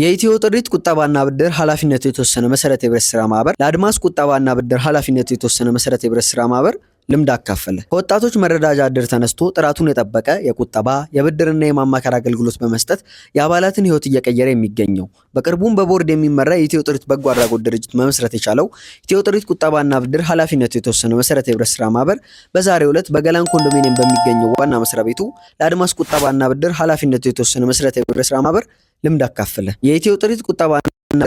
የኢትዮ ጥሪት ቁጠባና ብድር ኃላፊነቱ የተወሰነ መሰረት የብረት ስራ ማህበር ለአድማስ ቁጠባና ብድር ኃላፊነቱ የተወሰነ መሰረት የብረት ስራ ማህበር ልምድ አካፈለ። ከወጣቶች መረዳጃ እድር ተነስቶ ጥራቱን የጠበቀ የቁጠባ የብድርና የማማከር አገልግሎት በመስጠት የአባላትን ህይወት እየቀየረ የሚገኘው በቅርቡም በቦርድ የሚመራ የኢትዮ ጥሪት በጎ አድራጎት ድርጅት መመስረት የቻለው ኢትዮ ጥሪት ቁጠባና ብድር ኃላፊነቱ የተወሰነ መሰረት የብረት ስራ ማህበር በዛሬው ዕለት በገላን ኮንዶሚኒየም በሚገኘው ዋና መስሪያ ቤቱ ለአድማስ ቁጠባና ብድር ኃላፊነቱ የተወሰነ መሰረት የብረት ስራ ማህበር ልምድ አካፈለ። የኢትዮ ጥሪት ቁጠባ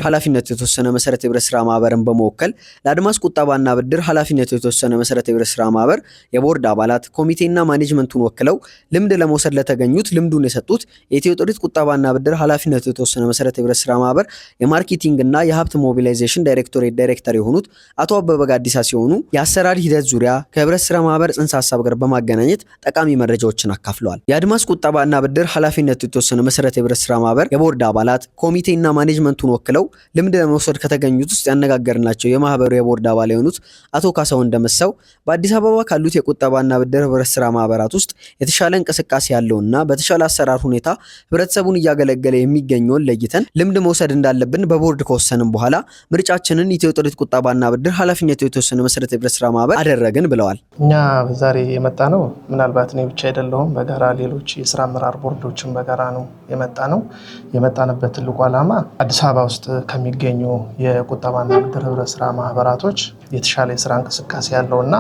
ኃላፊነቱ የተወሰነ መሰረት ህብረት ስራ ማህበርን በመወከል ለአድማስ ቁጠባና ብድር ኃላፊነቱ የተወሰነ መሰረት ህብረት ስራ ማህበር የቦርድ አባላት ኮሚቴና ማኔጅመንቱን ወክለው ልምድ ለመውሰድ ለተገኙት ልምዱን የሰጡት የኢትዮ ጥሪት ቁጠባና ብድር ኃላፊነቱ የተወሰነ መሰረት ህብረት ስራ ማህበር የማርኬቲንግና የሀብት ሞቢላይዜሽን ዳይሬክቶሬት ዳይሬክተር የሆኑት አቶ አበበ ጋዲሳ ሲሆኑ የአሰራር ሂደት ዙሪያ ከህብረት ስራ ማህበር ጽንሰ ሀሳብ ጋር በማገናኘት ጠቃሚ መረጃዎችን አካፍለዋል። የአድማስ ቁጠባና ብድር ኃላፊነቱ የተወሰነ መሰረት ህብረት ስራ ማህበር የቦርድ አባላት ኮሚቴና ማኔጅመንቱን ወክለው ተወክለው ልምድ ለመውሰድ ከተገኙት ውስጥ ያነጋገርናቸው የማህበሩ የቦርድ አባል የሆኑት አቶ ካሳው እንደመሰው በአዲስ አበባ ካሉት የቁጠባና ብድር ህብረት ስራ ማህበራት ውስጥ የተሻለ እንቅስቃሴ ያለውና በተሻለ አሰራር ሁኔታ ህብረተሰቡን እያገለገለ የሚገኘውን ለይተን ልምድ መውሰድ እንዳለብን በቦርድ ከወሰንም በኋላ ምርጫችንን ኢትዮ ጥሪት ቁጠባና ብድር ኃላፊነቱ የተወሰነ መሰረት ህብረት ስራ ማህበር አደረግን ብለዋል። እኛ ዛሬ የመጣ ነው ምናልባት እኔ ብቻ አይደለሁም። በጋራ ሌሎች የስራ አመራር ቦርዶችን በጋራ ነው የመጣ ነው። የመጣንበት ትልቁ ዓላማ አዲስ አበባ ውስጥ ውስጥ ከሚገኙ የቁጠባና ብድር ህብረት ስራ ማህበራቶች የተሻለ የስራ እንቅስቃሴ ያለው እና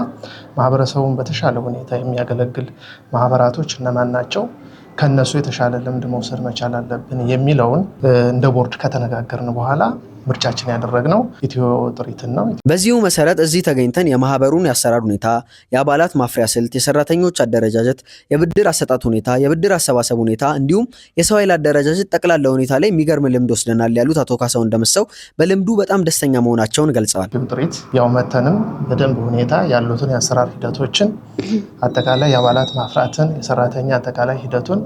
ማህበረሰቡን በተሻለ ሁኔታ የሚያገለግል ማህበራቶች እነማን ናቸው፣ ከእነሱ የተሻለ ልምድ መውሰድ መቻል አለብን የሚለውን እንደ ቦርድ ከተነጋገርን በኋላ ምርጫችን ያደረግነው ኢትዮ ጥሪትን ነው። በዚሁ መሰረት እዚህ ተገኝተን የማህበሩን የአሰራር ሁኔታ፣ የአባላት ማፍሪያ ስልት፣ የሰራተኞች አደረጃጀት፣ የብድር አሰጣት ሁኔታ፣ የብድር አሰባሰብ ሁኔታ እንዲሁም የሰው ኃይል አደረጃጀት ጠቅላላ ሁኔታ ላይ የሚገርም ልምድ ወስደናል ያሉት አቶ ካሳው እንደመሰው በልምዱ በጣም ደስተኛ መሆናቸውን ገልጸዋል። ጥሪት ያው መተንም በደንብ ሁኔታ ያሉትን የአሰራር ሂደቶችን አጠቃላይ የአባላት ማፍራትን፣ የሰራተኛ አጠቃላይ ሂደቱን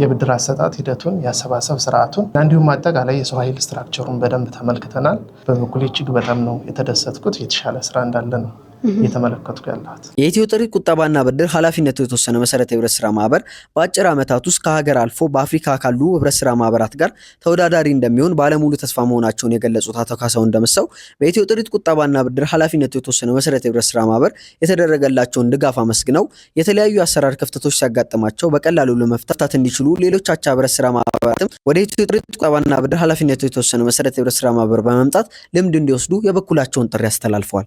የብድር አሰጣጥ ሂደቱን የአሰባሰብ ስርዓቱን እንዲሁም አጠቃላይ የሰው ኃይል ስትራክቸሩን በደንብ ተመልክተናል። በበኩል እጅግ በጣም ነው የተደሰትኩት። የተሻለ ስራ እንዳለ ነው እየተመለከትኩ ያለሁት የኢትዮ ጥሪ ቁጠባና ብድር ኃላፊነቱ የተወሰነ መሰረተ ህብረት ስራ ማህበር በአጭር ዓመታት ውስጥ ከሀገር አልፎ በአፍሪካ ካሉ ህብረት ስራ ማህበራት ጋር ተወዳዳሪ እንደሚሆን ባለሙሉ ተስፋ መሆናቸውን የገለጹት አቶ ካሳው እንደመሰው በኢትዮ ጥሪ ቁጠባና ብድር ኃላፊነቱ የተወሰነ መሰረተ ህብረት ስራ ማህበር የተደረገላቸውን ድጋፍ አመስግነው የተለያዩ አሰራር ክፍተቶች ሲያጋጥማቸው በቀላሉ ለመፍታት እንዲችሉ ሌሎቻቸው ህብረት ስራ ማህበራትም ወደ ኢትዮ ጥሪ ቁጠባና ብድር ኃላፊነቱ የተወሰነ መሰረተ ህብረት ስራ ማህበር በመምጣት ልምድ እንዲወስዱ የበኩላቸውን ጥሪ አስተላልፈዋል።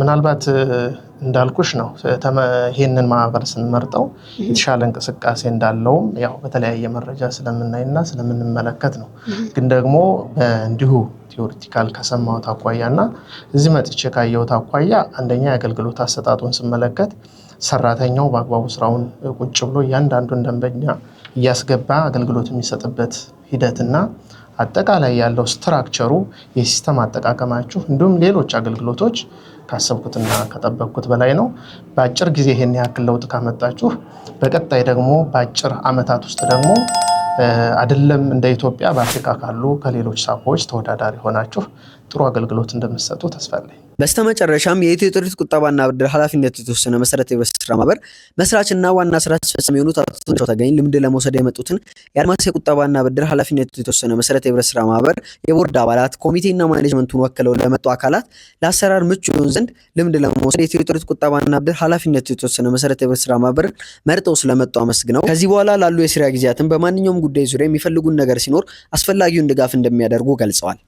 ምናልባት እንዳልኩሽ ነው። ይህንን ማህበር ስንመርጠው የተሻለ እንቅስቃሴ እንዳለውም ያው በተለያየ መረጃ ስለምናይና ስለምንመለከት ነው። ግን ደግሞ እንዲሁ ቲዎሪቲካል ከሰማሁት አኳያና እዚህ መጥቼ ካየሁት አኳያ አንደኛ የአገልግሎት አሰጣጡን ስመለከት ሰራተኛው በአግባቡ ስራውን ቁጭ ብሎ እያንዳንዱን ደንበኛ እያስገባ አገልግሎት የሚሰጥበት እና አጠቃላይ ያለው ስትራክቸሩ የሲስተም አጠቃቀማችሁ እንዲሁም ሌሎች አገልግሎቶች ካሰብኩትና ከጠበቅኩት በላይ ነው። በአጭር ጊዜ ይሄን ያክል ለውጥ ካመጣችሁ በቀጣይ ደግሞ በአጭር ዓመታት ውስጥ ደግሞ አይደለም እንደ ኢትዮጵያ በአፍሪካ ካሉ ከሌሎች ሳፖዎች ተወዳዳሪ ሆናችሁ ጥሩ አገልግሎት እንደምትሰጡ ተስፋለኝ። በስተመጨረሻም የኢትዮ ጥሪት ቁጠባና ብድር ኃላፊነት የተወሰነ መሰረት የህብረት ስራ ማህበር መስራችና ዋና ስራ አስፈጻሚ የሆኑት አቶ ተገኝ ልምድ ለመውሰድ የመጡትን የአድማስ የቁጠባና ብድር ኃላፊነት የተወሰነ መሰረት የህብረት ስራ ማህበር የቦርድ አባላት ኮሚቴና ማኔጅመንቱን ወክለው ለመጡ አካላት ለአሰራር ምቹ ይሆን ዘንድ ልምድ ለመውሰድ የኢትዮ ጥሪት ቁጠባና ብድር ኃላፊነት የተወሰነ መሰረት የህብረት ስራ ማህበር መርጠው ስለመጡ አመስግነው ከዚህ በኋላ ላሉ የስራ ጊዜያትን በማንኛውም ጉዳይ ዙሪያ የሚፈልጉን ነገር ሲኖር አስፈላጊውን ድጋፍ እንደሚያደርጉ ገልጸዋል።